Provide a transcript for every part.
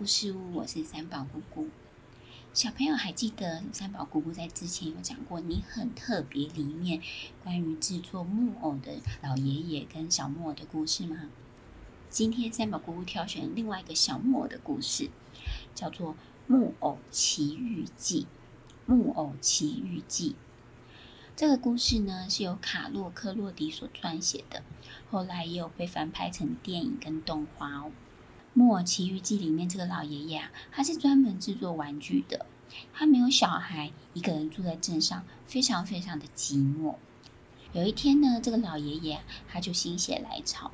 故事屋，我是三寶姑姑。小朋友還記得三寶姑姑在之前有講過你很特別裡面關於製作木偶的老爺爺跟小木偶的故事嗎？今天三寶姑姑挑選另外一個小木偶的故事，叫做《木偶奇遇記》。《木偶奇遇記》這個故事呢，是由卡洛·克洛迪所撰寫的，後來也有被翻拍成電影跟動畫哦。《木偶奇遇記》裡面這個老爺爺啊，他是專門制作玩具的。他沒有小孩，一個人住在鎮上，非常非常的寂寞。有一天呢，這個老爺爺啊，他就心血來潮，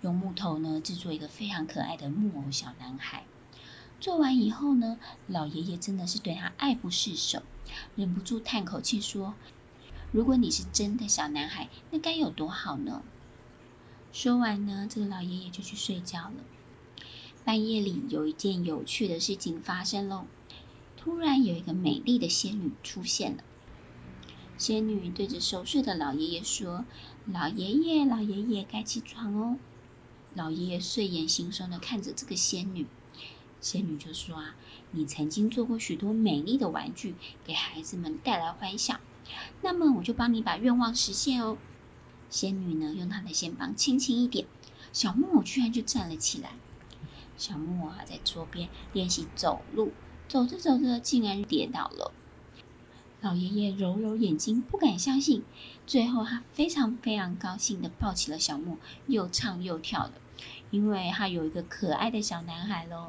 用木頭呢制作一個非常可愛的木偶小男孩。做完以後呢，老爺爺真的是對他愛不釋手，忍不住嘆口氣說：“如果你是真的小男孩，那該有多好呢？”說完呢，這個老爺爺就去睡覺了。半夜裡有一件有趣的事情發生嘍！突然有一個美麗的仙女出現了。仙女對着熟睡的老爺爺說：“老爺爺，老爺爺，該起床哦！”老爺爺睡眼惺忪的看着這個仙女，仙女就說：“啊，你曾經做過許多美麗的玩具，給孩子們帶來歡笑，那麼我就幫你把願望實現哦。”仙女呢，用她的仙棒輕輕一點，小木偶居然就站了起來。小木偶、啊、還在桌邊練習走路，走着走着竟然跌倒了。老爺爺揉揉眼睛，不敢相信。最後，他非常非常高興的抱起了小木偶，又唱又跳的，因為他有一個可愛的小男孩嘍。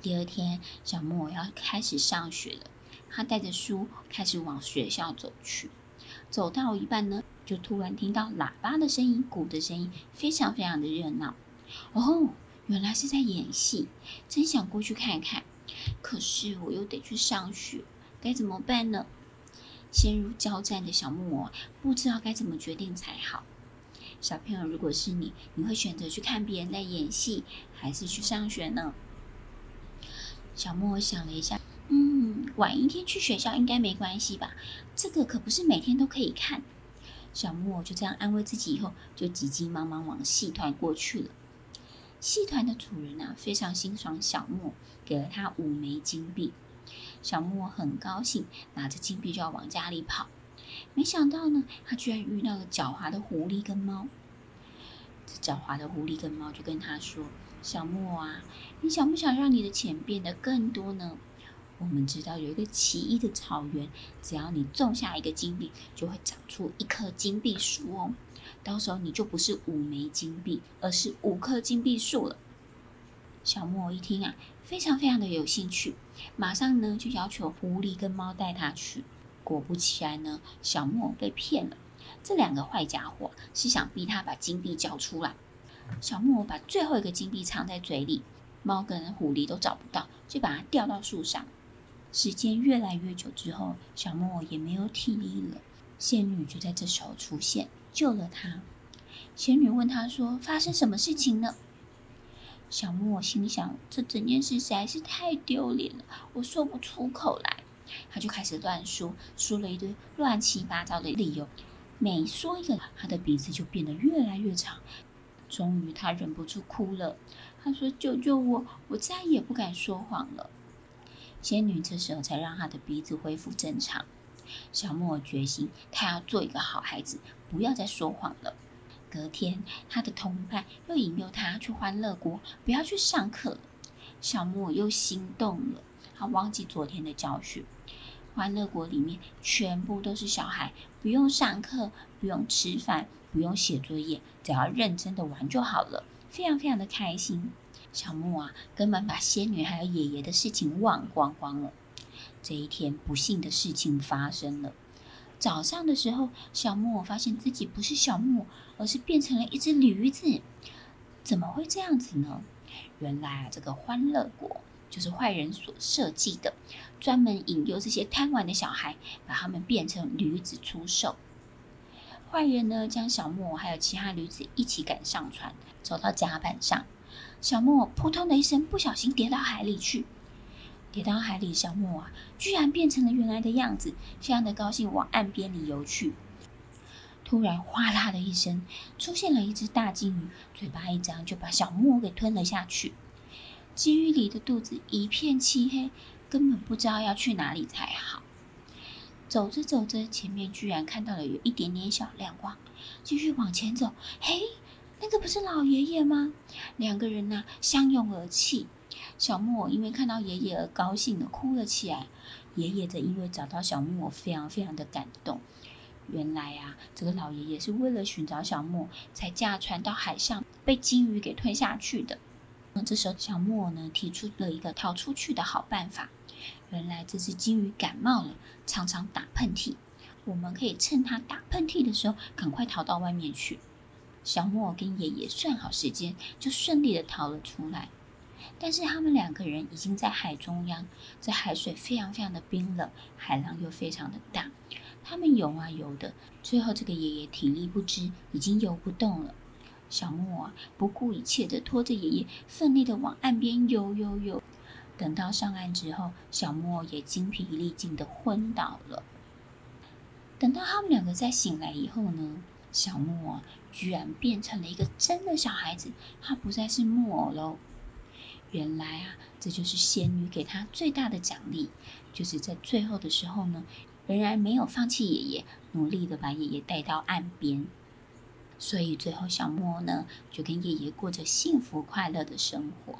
第二天，小木偶要開始上學了，他帶着書開始往學校走去。走到一半呢，就突然聽到喇叭的聲音、鼓的聲音，非常非常的熱鬧。哦。原來是在演戲，真想過去看看，可是我又得去上學，該怎麼辦呢？陷入交戰的小木偶不知道該怎麼決定才好。小朋友，如果是你，你會選擇去看別人在演戲，還是去上學呢？小木偶想了一下，嗯，晚一天去學校應該沒關係吧？這個可不是每天都可以看。小木偶就這樣安慰自己以後，就急急忙忙往戲團過去了。戲團的主人呢、啊，非常欣賞小莫，給了他五枚金幣。小莫很高興，拿着金幣就要往家裡跑。沒想到呢，他居然遇到了狡猾的狐狸跟貓。這狡猾的狐狸跟貓就跟他說：“小莫啊，你想不想讓你的錢變得更多呢？我們知道有一個奇異的草原，只要你種下一個金幣，就會長出一棵金幣樹哦。”到時候你就不是五枚金幣，而是五棵金幣樹了。小木偶一聽啊，非常非常的有興趣，馬上呢就要求狐狸跟貓帶他去。果不其然呢，小木偶被騙了。這兩個壞家伙是想逼他把金幣交出來。小木偶把最後一個金幣藏在嘴裡，貓跟狐狸都找不到，就把它吊到樹上。時間越來越久之後，小木偶也沒有體力了。仙女就在這時候出現。救了他，仙女問他說：“發生什麼事情了？”小木偶心想：“這整件事實在是太丟臉了，我說不出口來。”他就開始亂說，說了一堆亂七八糟的理由。每說一個，他的鼻子就變得越來越長。終於，他忍不住哭了。他說：“救救我！我再也不敢說謊了。”仙女這時候才讓他的鼻子恢復正常。小木偶決心，他要做一個好孩子，不要再說謊了。隔天，他的同伴又引誘他去歡樂國，不要去上課。小木偶又心動了，他忘記昨天的教訓。歡樂國裡面全部都是小孩，不用上課，不用吃飯，不用寫作業，只要認真的玩就好了，非常非常的開心。小木偶啊，根本把仙女還有爺爺的事情忘光光了。這一天，不幸的事情發生了。早上的時候，小木偶發現自己不是小木偶，而是變成了一隻驢子。怎麼會這樣子呢？原來啊，這個歡樂國就是壞人所設計的，專門引誘這些貪玩的小孩，把他們變成驢子出售。壞人呢，將小木偶還有其他驢子一起趕上船，走到甲板上，小木偶撲通的一聲，不小心跌到海裡去。跌到海裡，小木偶啊，居然變成了原來的樣子，非常的高興往岸邊裡游去。突然，嘩啦的一聲，出現了一只大鯨魚，嘴巴一張就把小木偶給吞了下去。鯨魚裡的肚子一片漆黑，根本不知道要去哪裡才好。走着走着，前面居然看到了有一點點小亮光，繼續往前走，嘿，那個不是老爺爺嗎？兩個人呢、啊，相擁而泣。小木偶因為看到爺爺而高興的哭了起來，爺爺則因為找到小木偶非常非常的感動。原來啊，這個老爺爺是為了尋找小木偶才駕船到海上，被鯨魚給吞下去的。那這時候小木偶，小木偶呢，提出了一個逃出去的好辦法。原來這隻鯨魚感冒了，常常打噴嚏，我們可以趁它打噴嚏的時候趕快逃到外面去。小木偶跟爺爺算好時間，就順利的逃了出來。但是他們兩個人已經在海中央，這海水非常非常的冰冷，海浪又非常的大。他們游啊游的，最後這個爺爺體力不支，已經游不動了。小木偶啊，不顧一切的拖着爺爺，奮力的往岸邊游游游。等到上岸之後，小木偶也精疲力盡的昏倒了。等到他們兩個再醒來以後呢，小木偶啊，居然變成了一個真的小孩子，他不再是木偶嘍。原來啊，這就是仙女給他最大的獎勵，就是在最後的時候呢，仍然沒有放棄爺爺，努力的把爺爺帶到岸邊。所以最後小、小木偶呢就跟爺爺過着幸福快樂的生活。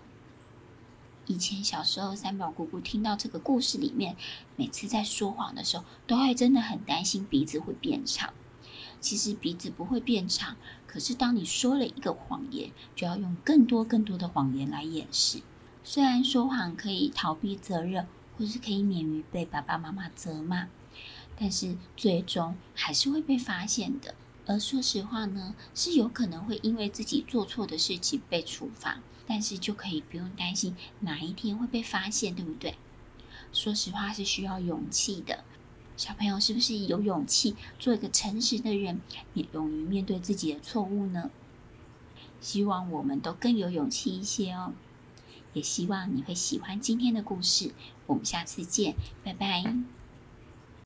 以前小時候，三寶姑姑聽到這個故事裡面，每次在說謊的時候，都會真的很擔心鼻子會變長。其實鼻子不會變長，可是當你說了一個謊言，就要用更多更多的謊言來掩飾。雖然說謊可以逃避責任，或是可以免於被爸爸媽媽責罵，但是最終還是會被發現的。而說實話呢，是有可能會因為自己做錯的事情被處罰，但是就可以不用擔心哪一天會被發現，對不對？說實話是需要勇氣的。小朋友是不是有勇氣做一個誠實的人，也勇於面對自己的錯誤呢？希望我們都更有勇氣一些哦。也希望你會喜歡今天的故事。我們下次見，拜拜。